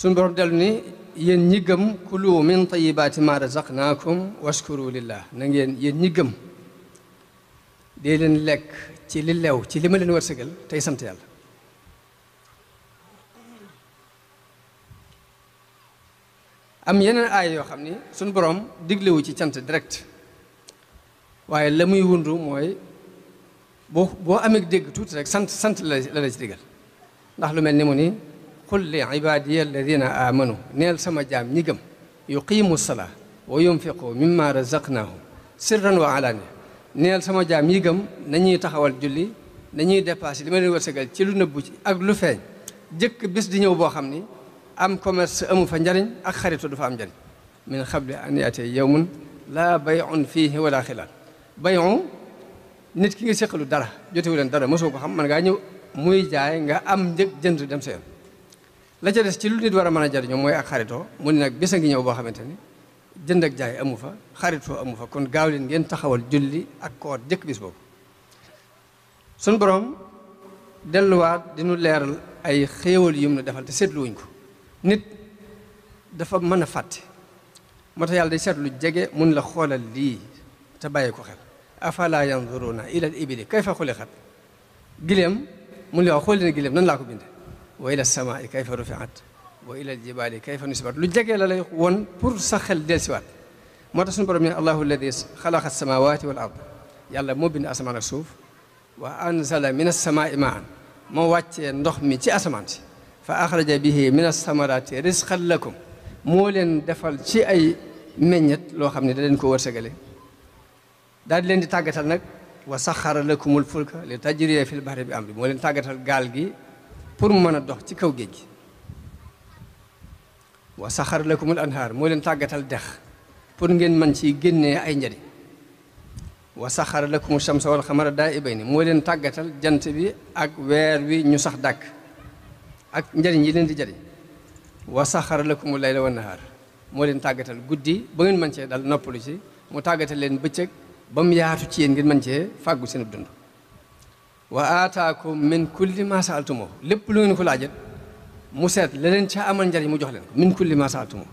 suñu borom dellu ni yéen ñi gëm kulu min tayibaati ma razaqnaakum washkuru lillah na ngeen yéen ñi gëm dee leen lekk ci li lew ci li ma leen wërsëgal tey sant yàlla am yeneen aay yoo xam ni suñu borom diglewu ci cant direct waaye la muy wundu mooy boo boo amee dégg tuuti rek sant sant la la ci digal ndax lu mel ni mu ni qul li ibaadiya alladina aamanu neel sama jaam ñi gëm yuqiimu salaa wa yunfiqu mimma razaqnaahum sirran wa alaaniya neel sama jaam ñi gëm nañuy taxawal julli nañuy dépassé li ma leen wërsëgal ci lu nëbbu ci ak lu feeñ jëkk bis di ñëw boo xam ni am commerce amu fa njariñ ak xaritu du fa am njariñ min xable an yaate yowmun laa bayun fiihi wala xilaal bayon nit ki nga séqalu dara jotewu leen dara mosoo ko xam man ngaa ñëw muy jaay nga am njëg jënd dem sa la ca des ci lu nit war a mën a mooy ak xaritoo mu ne nag bés a ngi ñëw boo xamante ne jënd ak jaay amu fa xaritoo amu fa kon gaaw leen ngeen taxawal julli ak koor jëkk bis boobu suñ borom delluwaat dinu leeral ay xéewal yum na defal te seetluwuñ ko nit dafa mën a fàtte moo tax yàlla day seetlu jege mun la xoolal lii te bàyyi ko xel afala yanzuruna ila al ibili kayfa xuliqat gileem mun la waaw xooli na gileem nan laa ko binde wa ila samaai kayfa rufiat wa ila aljibaali kayfa nusibat lu jege la lay woon pour sa xel del siwaat moo tax suñu borom ne allahu alladi xalaqa alsamawati wal ard yàlla moo bind asamaan ak suuf wa anzala min alsamaai maan moo wàccee ndox mi ci asamaan si fa axraja bihi min alsamarati risqan lakum moo leen defal ci ay meññet loo xam ne da leen ko wërsëgale daal di leen di tàggatal nag wa saxara lakumul fulka li tajriya fil bahri bi amri moo leen tàggatal gaal gi pour mu mën a dox ci kaw géej gi wa saxar lakumul anhaar moo leen tàggatal dex pour ngeen mën ci génnee ay njariñ waa wa saxara lakum shamsa wal xamara ni moo leen tàggatal jant bi ak weer wi ñu sax dàkk ak njariñ yi leen di jariñ wa saxara lakum layla wan nahaar moo leen tàggatal guddi ba ngeen mën cee dal noppalu ci mu tàggatal leen bëccëg ba mu yaatu ci yéen ngeen mën cee fàggu seen dund wa aataakum min kulli ma saaltumoo lépp lu ngeen ko laajal mu seet la leen amal njariñ mu jox leen min kulli ma saaltumoo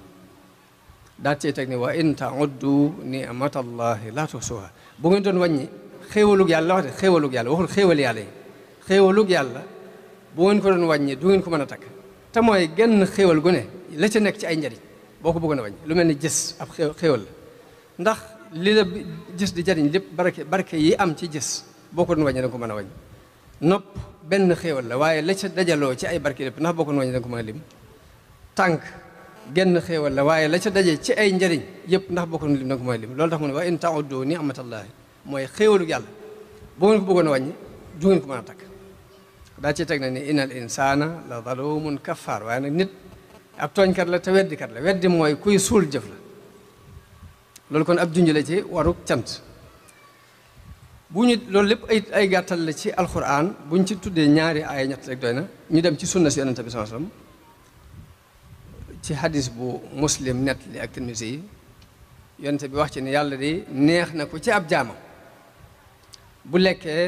daal cee teg ne wa in tauddu nimatallahi laa tuhsuha bu ngeen doon wàññi xéewalug yàlla wax de yàlla waxul xéewal yàlla yi xéewalug yàlla bu ngeen ko doon wàññi du ngeen ko mën a takk te mooy genn xéewal gu ne la ca nekk ci ay njariñ boo ko bëggoon a wàññi lu mel ni gis ab xéewal la ndax li la gis di jariñ lépp barke barke yi am ci gis boo ko doon ko mën a wàññi nopp benn xéewal la waaye la ca dajaloo ci ay barke lépp ndax boo ko doon ko mën a lim tànk genn xéewal la waaye la ca daje ci ay njëriñ yëpp ndax boo ko doon lim da ko mën lim loolu tax mu ne wa in ta'uddu ni'matallahi mooy xéewalu yàlla boo ngeen ko bëggoon a wàññi du ngeen ko mën takk daa ci teg na ni innal insana la zalumun kaffaar waaye nag nit ab tooñkat la te weddikat la weddi mooy kuy suul jëf la loolu kon ab junj la ci waruk cant bu ñu loolu lépp ay ay gàttal la ci alxuraan bu ñu ci tuddee ñaari ay ñett rek doy na ñu dem ci sunna si yonente bi sallallahu alayhi ci hadis bu muslim nett li ak Tirmisi yi yonente bi wax ci ne yàlla de neex na ko ci ab jaamam bu lekkee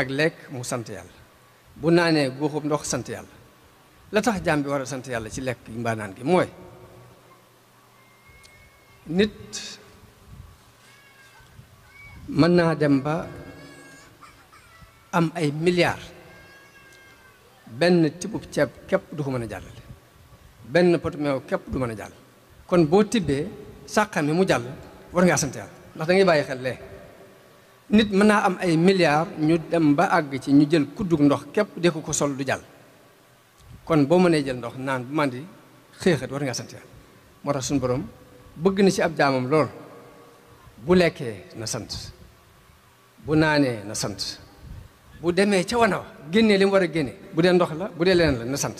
ak lekk mu sant yàlla bu naanee guuxub ndox sant yàlla la tax jaam bi war a sant yàlla ci lekk mbanaan gi mooy nit mën naa dem ba am ay milliards benn tibub ceeb képp du ko mën a jàll benn pot meew képp du mën a jàll kon boo tibbee sàqami mu jàll war ngaa ndax da bàyyi xel lee nit mën naa am ay milliards ñu dem ba àgg ci ñu jël kuddug ndox képp de ko sol du jàll kon boo mënee jël ndox naan bu màndi xëexat war ngaa sant moo tax suñu boroom bëgg na ci ab jaamam lool bu lekkee na sant bu naanee na sant bu demee ca wana wa génnee li mu war a génne bu dee ndox la bu dee leneen la na sant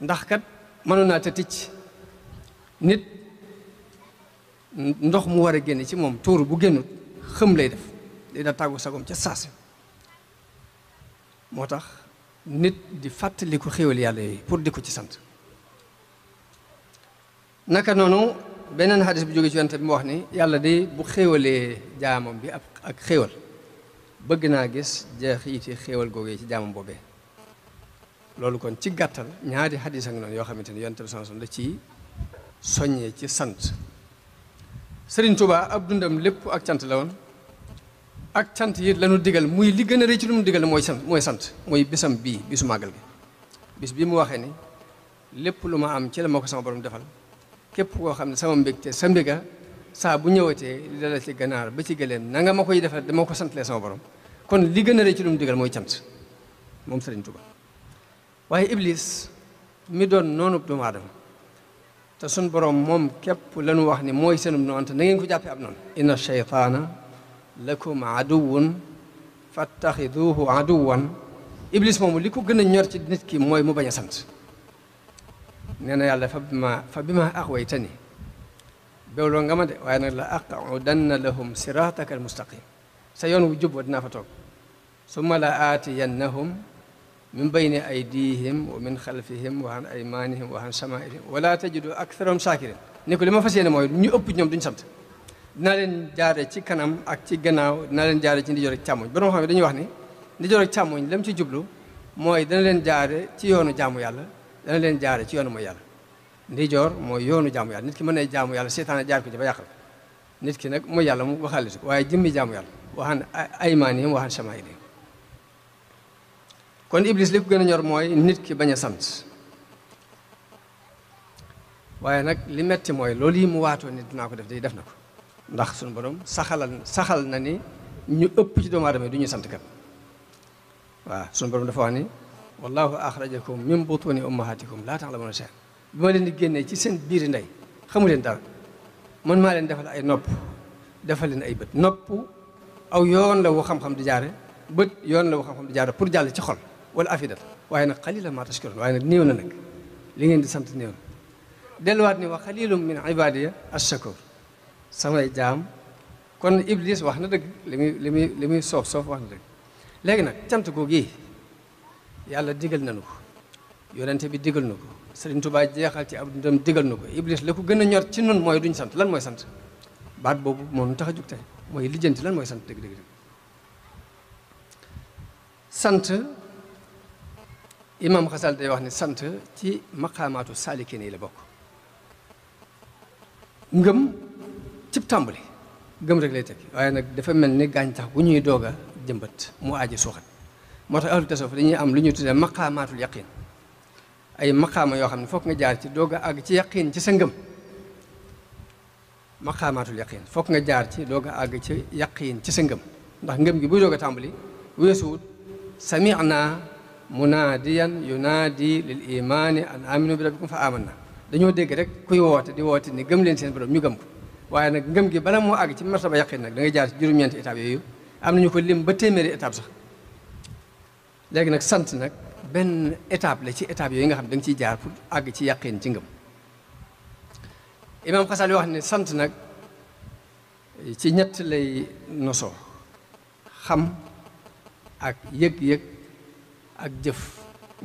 ndax kat mënu naa te ticc nit ndox mu war a génne ci moom tuur bu génnut xëm lay def day da tàggu sagom ca saasi moo tax nit di fàttaliku xéwal yàlla yi pour di ko ci sant naka noonu beneen xadis bu jóge ci yonent bi mu wax ni yàlla de bu xéewalee jaamam bi ak ak xéwal bëgg naa gis jeexiti xéewal googee ci jaamam mbobe loolu kon ci gàttal ñaari xadis ak noonu yoo xamante ni yonent bi sallallahu alayhi ci soñe ci sant Sëriñ tubaa ab dundam lépp ak cant la woon ak cant yi lañu digal muy li gën a rëy ci lu mu digal mooy sant mooy sant mooy bisam bii bisu màggal gi bis bi mu waxee ni lépp lu ma am ci la ma ko sama borom defal képp koo xam ne sama mbégte sa mbéga saa bu ñëwatee dala ci ganaar ba ci gëléem na nga ma koy defal dama ko santalee sama borom kon li gën a rëy ci lu mu digal mooy cant moom Sëriñ Tuba waaye Iblis mi doon noonu doomu aadama te suñ borom moom képp lañu wax ni mooy seenum noonu te na ngeen ko jàppee ab noonu inna shaytaana lakum aduwun fattaxiduhu aduwan Iblis moomu li ko gën a ñor ci nit ki mooy mu bañ a sant nee na yàlla fa bi ma fa bi ma bewloo nga ma de waaye nag la aqudanna lahum sirataka almustaqim sa yoon wu jub wa dinaa fa toog summa la aatiyannahum min bayni aydihim wa min xalfihim wa an aymanihim wa an samailihim wala tajidu aktharahum shakirin ni ko li ma fas yéene mooy ñu ëpp ñoom duñu sant dinaa leen jaare ci kanam ak ci gannaaw dina leen jaare ci ndijoor ak càmmoñ borom xam ne dañuy wax ni ndijoor ak càmmoñ lam ci jublu mooy dana leen jaare ci yoonu jaamu yàlla dana leen jaare ci yoonu mooy yàlla ndijoor mooy yoonu jaamu yàlla nit ki mën na jaamu yàlla seetaane jaar ko ji ba yàqal nit ki nag mooy yàlla mu waxaale ko waaye jëmmi jaamu yàlla waxaan ay aymaanihim waxaan shamaa'ilihim kon iblis li ko gën a ñor mooy nit ki bañ a sant waaye nag li metti mooy loolu yi mu waatoo ni dinaa ko def day def na ko ndax suñu borom saxalal saxal na ni ñu ëpp ci doomu aadama yi du ñu sant kat waaw suñu borom dafa wax ni wallahu axrajakum min butuni ummahatikum laa ta'lamuna shay'an bi ma leen di génnee ci seen biiri ndey xamu leen dara mën maa leen defal ay nopp defal leen ay bët nopp aw yoon la wu xam-xam di jaare bët yoon la wu xam-xam di jaare pour jàll ci xol wala afidat waaye nag xalila maa tashkuroon waaye nag néew na nag li ngeen di sant néew na delluwaat ni wa xalilum min ibadiya ashakur samay jaam kon iblis wax na dëgg li muy li muy muy soof soof wax na dëgg léegi nag cant googu yi yàlla digal nañu ko yonente bi digal na ko Sëriñ Tuubaa jeexal ci ab dundam digal na ko Iblis la ko gën a ñor ci nun mooy duñ sant lan mooy sant baat boobu moo nu tax a jug tey mooy lijjanti lan mooy sant dëgg dëgg sant imam Xasal day wax ne sant ci maqaamaatu saalikiin yi la bokk ngëm cib tàmbali gëm rek lay teg waaye nag dafa mel ni gàncax bu ñuy doog a jëmbat mu aaji suuxat moo tax ahlu tasawuf dañuy am lu ñu tuddee maqaamaatul yaqiin ay maqaama yoo xam ne foog nga jaar ci doog a àgg ci yaqiin ci sa ngëm maqaamaatul yaqiin foog nga jaar ci doog àgg ci yaqiin ci sa ndax ngëm gi buy doog a tàmbali weesuwut sami'na munaadiyan yunaadi lil imaani an aminu bi rabbikum fa na dañoo dégg rek kuy woote di woote ni gëm leen seen borom ñu gëm ko waaye nag ngëm gi bala moo àgg ci martaba yaqiin nag da ngay jaar ci juróom-ñeenti étape yooyu am nañu ko lim ba téeméeri étape sax léegi nag sant nag benn étape la ci étape yooyu nga xam da nga jaar pour àgg ci yàqeen ci ngëm imaam yoo wax ne sant nag ci ñett lay nosoo xam ak yëg-yëg ak jëf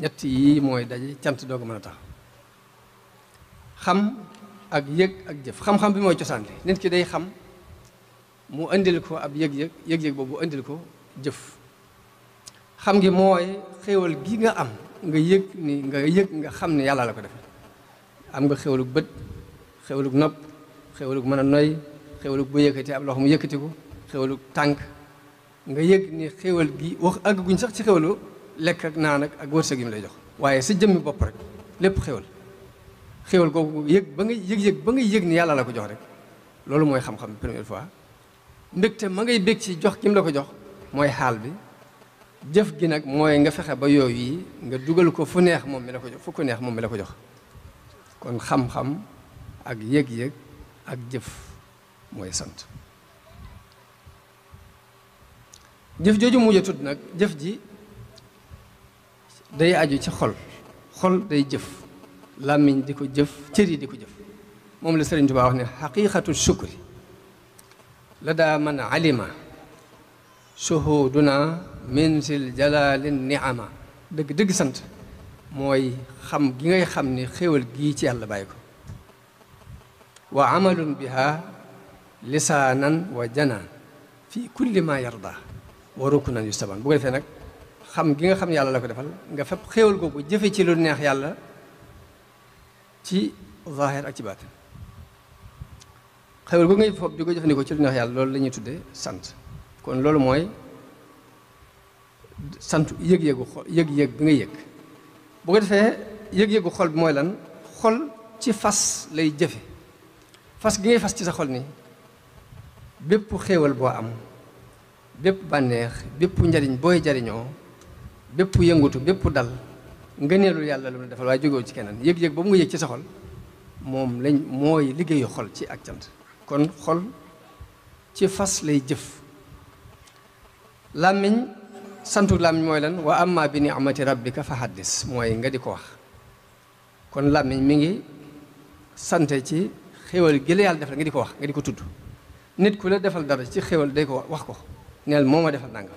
ñett yii mooy daje cant doog a mën a xam ak yëg ak jëf xam-xam bi mooy cosaan li nit ki day xam mu indil ko ab yëg-yëg yëg-yëg boobu indil ko jëf xam ngi mooy xéewal gi nga am nga yëg ni nga yëg nga xam ni yàlla la ko defee am nga xéewalug bët xéewalug nopp xéewalug mën a noy xéewalug bu yëkkati ab loxo mu yëkkati ko xéewalug tànk nga yëg ni xéewal gi wax àgguñ sax ci xéewalu lekk naa nag ak ak wërsëg yi lay jox waaye sa jëmmi bopp rek lépp xéewal xéewal googu yëg ba nga yëg ba nga yëg ni yàlla la ko jox rek loolu mooy xam-xam première fois mbégte ma ngay bég ci jox kim la ko jox mooy xaal bi jëf gi nag mooy nga fexe ba yooyu yi nga dugal ko fu neex moom mi la ko jox fu moom la ko jox kon xam-xam ak yëg-yëg ak jëf mooy sant jëf jooju mujj a nag jëf ji day aju ci xol xol day jëf làmmiñ di ko jëf cër yi di ko jëf moom la Sëriñ Tuubaa wax ne xaqiqatu shukri la daa man alima shuhuduna min sil jalaalin niama dëgg dëgg sant mooy xam gi ngay xam ni xéwal gii ci yàlla bàyyi ko wa amalun biha lisaanan wa janaan fi kulli ma yarda wa rukunan yustaban bu ko defee nag xam gi nga xam yàlla la ko defal nga fab xéwal googu jëfe ci lu neex yàlla ci zahir ak ci baatin xéwal googu ngay fab di ko ci lu neex yàlla loolu lañuy ñuy tudde sant kon loolu mooy sant yëg-yëgu xol yëg-yëg bi nga yëg bu defee yëg-yëgu xol bi mooy lan xol ci fas lay jëfe fas gi ngay fas ci sa xol ni bépp xéewal boo am bépp bànneex bépp njariñ booy jariñoo bépp yëngutu bépp dal ngeneelu yàlla lu mu defal waaye jógewu ci keneen yëg-yëg ba mu nga yëg ci sa xol moom lañ mooy liggéeyu xol ci ak cant kon xol ci fas lay jëf làmmiñ santu làmmiñ mooy lan wa amma bi ni'mati rabbika fa haddis mooy nga di ko wax kon làmmiñ mi ngi sante ci xéwal gi la yàlla def la nga di ko wax nga di ko tudd nit ku la defal dara ci xéwal day ko wax ko neel moo ma defal nangam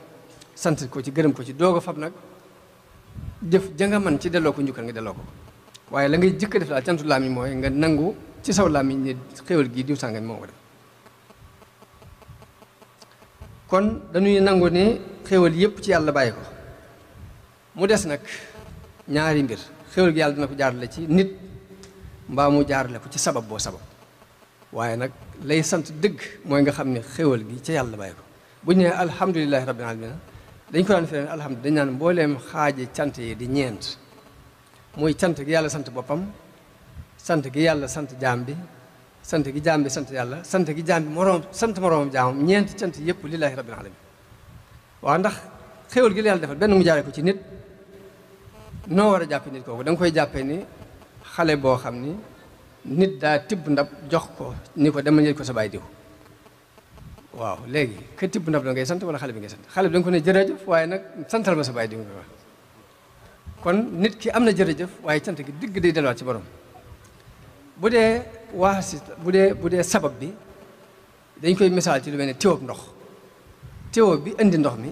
sant ko ci gërëm ko ci doog a fab nag jëf ja man ci delloo ko njukkal nga delloo ko waaye la ngay jëkk def daal cantu làmmiñ mooy nga nangu ci saw làmmiñ ne xéwal gii diw sàngan moo ko def kon dañuy nangu ni xéwal yépp ci yàlla bàyyi ko mu des nag ñaari mbir xéwal gi yàlla dina ko jaarale ci nit mbaa mu jaarale ko ci sabab boo sabab waaye nag lay sant dëgg mooy nga xam ne xéwal gi ci yàlla bàyyi ko bu ñu nee alhamdulilahi rabbil dañ ko daan firee alhamdulilah dañ naan mbooleem xaaji cant yi di ñeent mooy cant gi yàlla sant boppam sant gi yàlla sant jaam bi sant gi jaam bi yàlla sant gi jaam bi moroom sant moroomam jaamam ñeent cant yëpp lillahi rabbil alamin waaw ndax xéwal gi la yàlla defal benn mu jaare ko ci nit noo war a jàpp nit kooku danga koy jàppe ni xale boo xam ni nit daa tibb ndab jox ko ni ko dama ñëw ko sa baay waaw léegi ka tibb ndab la ngay sant wala xale bi ngay sant xale bi da ko ne jërëjëf waaye nag santal ma sa baay diw kon nit ki am na jërëjëf waaye sant gi digg day delluwaat ci borom bu dee waasit bu dee bu dee sabab bi dañ koy misaal ci lu mel ne tiwab ndox teew bi indi ndox mi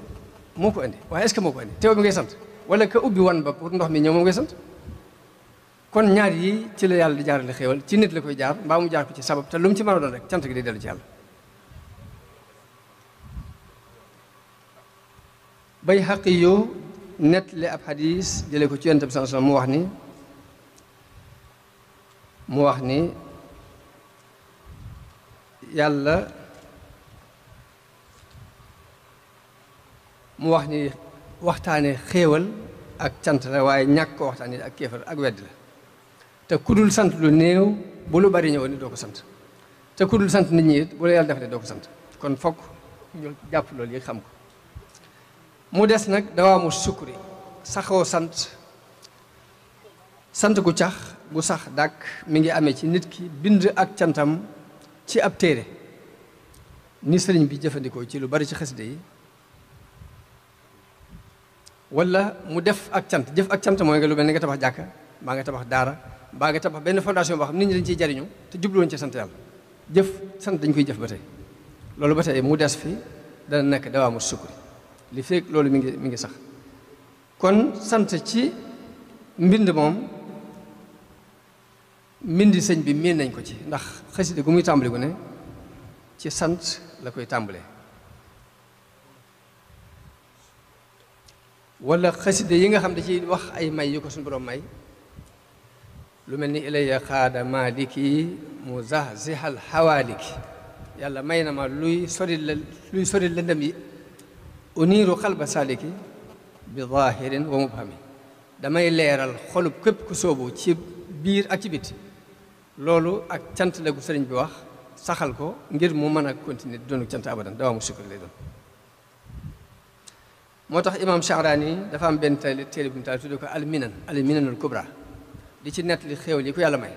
moo ko indi waaye est-ce que moo ko indi teew bi ngay sant wala ka ubbi wan ba pour ndox mi ñëw moom ngay sant kon ñaar yi ci la yàlla di jaarale xéewal ci nit la koy jaar mbaa mu jaar ko ci sabab te lu mu ci mën a doon rek cant gi day dellu ci yàlla bay xaq net li ab xadis jële ko ci yonent bi sallallahu alayhi mu wax ni mu wax ni yàlla mu wax ni waxtaane xéewal ak cant la waaye ñàkk ko waxtaane ak kéefar ak wedd la te ku dul sant lu néew bu lu bari ñëwoon ni doo ko sant te ku dul sant nit ñi it bu la yàlla defalee doo ko sant kon fokk ñu jàpp loolu yi xam ko mu des nag dawaamu sukkuri saxoo sant sant gu cax bu sax dàq mi ngi amee ci nit ki bind ak cantam ci ab téere ni sëriñ bi jëfandikoo ci lu bari ci xasida yi wala mu def ak cant jëf ak cant mooy nga lu mel ni nga tabax jàkka baa nga tabax daara baa nga tabax benn fondation boo xam nit ñi dañ ciy jariñu te jubluwoon ci sant yàlla jëf sant dañ koy jëf ba tey loolu ba tey mu des fi dana nekk dawaamu sukuri li feeg loolu mu ngi mu ngi sax kon sant ci mbind moom mbind sëñ bi miin nañ ko ci ndax xasida gu muy tàmbali gu ne ci sant la koy tàmbalee wala xasida yi nga xam da ciy wax ay may yu ko suñu may lu mel ni ilayya xaada maliki mu zahzihal xawaaliki yàlla may na ma luy sori luy sori lëndëm yi uniiru xalba saaliki bi zahirin wa mubhami damay leeral xolub képp ku soobu ci biir ak ci biti loolu ak cant la gu sëriñ bi wax saxal ko ngir mu mën a continuer doonu cant abadan dawaa mu sukkur lay doon moo tax imaam Sha'raani dafa am benn teel téere bu ñu taal tudde ko al minan al minanul kubra di ci nett li xéewal yi yàlla may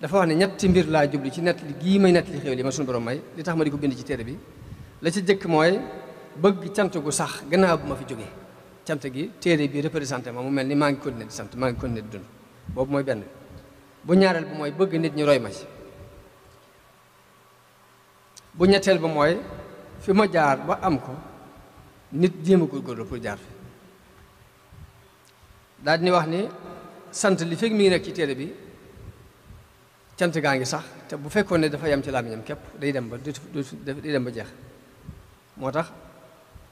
dafa wax ne ñetti mbir laa jubli ci nett li gii may nett li xéewal ma suñu borom may li tax ma di ko bind ci téere bi la ci jëkk mooy bëgg cant gu sax gannaaw bu ma fi jóge cant gi téere bi représenté ma mu mel ni maa ngi continué di sant maa ngi continué di dund boobu mooy benn bu ñaareel bi mooy bëgg nit ñi roy ma ci bu ñetteel mooy fi ma jaar ba am ko nit jéema a góorgóorlu pour jaar fi daal di wax ni sant li fekk mi ngi ci téere bi cant gaa ngi sax te bu fekkoon ne dafa yem ci làmmiñam képp day dem ba day dem ba jeex moo tax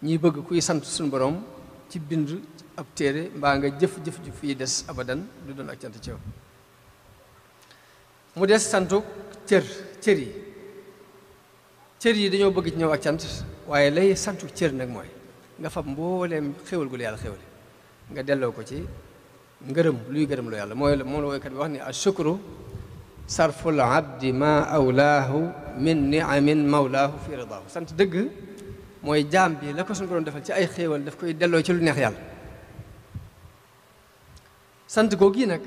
ñuy bëgg kuy sant suñu borom ci bind ab téere mbaa nga jëf-jëf ji fii des abadan du doon ak cant ci mu des santu cër cër yi cër yi dañoo bëgg ci ñëw ak cant waaye lay santu cër nag mooy nga fab mbooleem xéwal gu la yàlla nga delloo ko ci ngërëm luy gërëm lu yàlla mooy moom la woykat bi wax ni ashukru sarful abdi ma awlaahu min niamin mawlaahu fi ridaahu sant dëgg mooy jaam bi la ko suñu borom ci ay xéewal daf koy delloo ci lu neex yàlla sant googu yi nag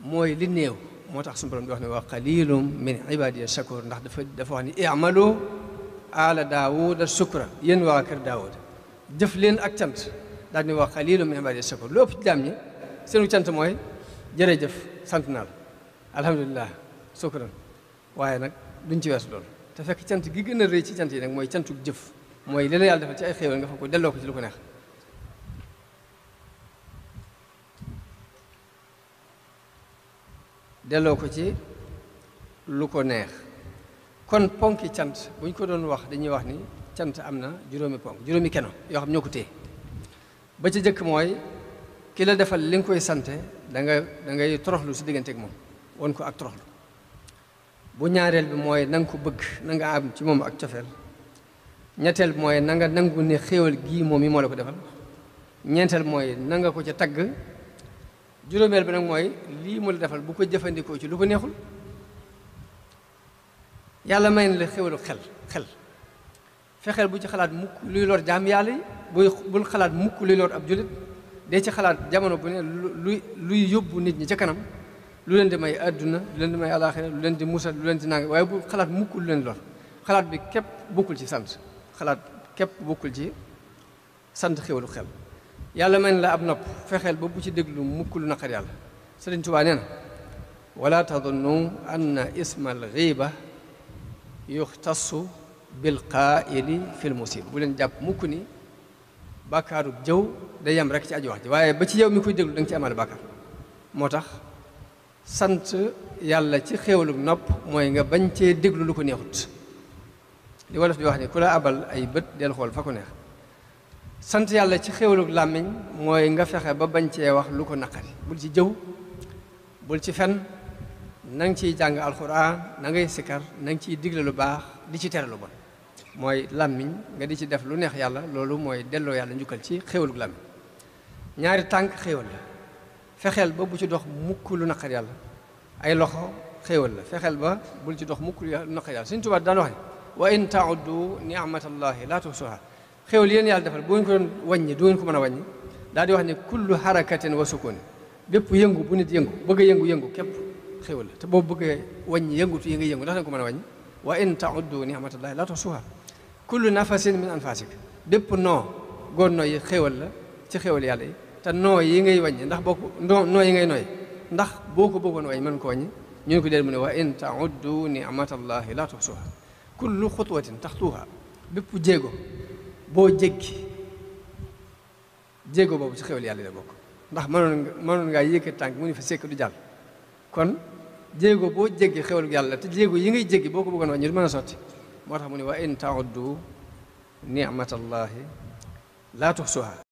mooy li néew moo tax suñu borom di wax ne wa qalilum min ibadiya shakur ndax dafa dafa wax ni i'malu ala shukra yéen waa kër daawuda jëf leen ak cant daal di wax xaliilun min ibaadiya shakuur lu ëpp ci jaam ñi seenu cant mooy jërëjëf sant naa la alhamdulilah sukran waaye nag duñ ci weesu loolu te fekk cant gi gën a rëy ci cant yi nag mooy cantu jëf mooy li la yàlla defal ci ay xéewal nga fa ko delloo ko ci lu ko neex ci lu ko neex kon ponki cant bu ñu ko doon wax dañuy wax ni cant am na juróomi ponk juróomi keno yoo xam ñoo ko téye ba ca jëkk mooy ki la defal li nga koy sante da nga da ngay toroxlu si diggante ak moom won ko ak toroxlu bu ñaareel bi mooy na nga ko bëgg na am ci moom ak cofeel ñetteel bi mooy na nangu ne xéewal gii moom yi moo la ko defal ñeenteel mooy na nga ko ca tagg juróomeel bi nag mooy lii mu la defal bu ko jëfandikoo ci lu ko neexul yàlla may na la xéewalu xel xel fexeel bu ci xalaat mukk luy lor jaam yàlla yi buy bul xalaat mukk luy lor ab jullit dee ci xalaat jamono bu ne luy yóbbu nit ñi ca kanam lu leen di may àdduna lu leen di may alaaxira lu leen di musal lu leen di nang waaye bu xalaat mukk lu leen lor xalaat bi képp bokkul ci sant xalaat képp bokkul ci sant xéwalu xel yàlla mel la ab nopp fexeel ba bu ci déglu mukk lu naqar yàlla sëriñ Tuubaa nee na wala tadunnu anna isma al ghiba yuxtasu bil qaa'ili fil musib bu leen jàpp mukk ni bàkkaaru jëw day yem rek ci aju wax ji waaye ba ci yow mi koy déglu da nga ci amal bàkkaar moo tax sant yàlla ci xéewalu nopp mooy nga bañ cee déglu lu ko neexut li wolof di wax ni ku la abal ay bët del xool fa ko neex sant yàlla ci xéewalu làmmiñ mooy nga fexe ba bañ cee wax lu ko naqari bul ci jëw bul ci fen na nga ciy jàng alxuraan na ngay sikkar na ciy digle lu baax di ci tere lu bon mooy làmmiñ nga di ci def lu neex yàlla loolu mooy delloo yàlla njukkal ci xéewalu làmmiñ ñaari tànk xéewal la fexeel ba bu ci dox mukk lu naqar yàlla ay loxo xéewal la fexeel ba bul ci dox mukk lu naqar yàlla Sëñ Tuubaa daan wax ne wa in tauddu niamatallahi laa tuhsuha xéewal yéen yàlla defal bu ngeen ko doon wàññi du ngeen ko mën a wàññi daal di wax ne kullu harakatin wa sukuni bépp yëngu bu nit yëngu bëgg yëngu-yëngu képp xéewal la te boo bëggee wàññi yëngutu yi nga yëngu ndax da nga ko mën a wàññi wa in tauddu niamatallahi laa tuhsuha kullu nafasin min anfasik bépp noo góor noo yi xéwal la ci xéwal yàlla yi te noo yi ngay wàññi ndax boo ko noo yi ngay nooy ndax boo ko bëggoon wàññi mën ko wàññi ñu ko dee mu ne wa in tauddu nicmatallahi la tuxsuha kullu xutwatin taxtuha bépp jéego boo jéggi jéego boobu ci xéwal yàlla la bokk ndax mënoon nga mënoon ngaa yëkkati tànk mu ni fi sekk du jàll kon jéego boo jéggi xéwal yàlla te jéego yi ngay jéggi boo ko bëggoon wàññi du mën a sotti moo tax mu ne wa in tauddu nicmatallahi laa tuxsuha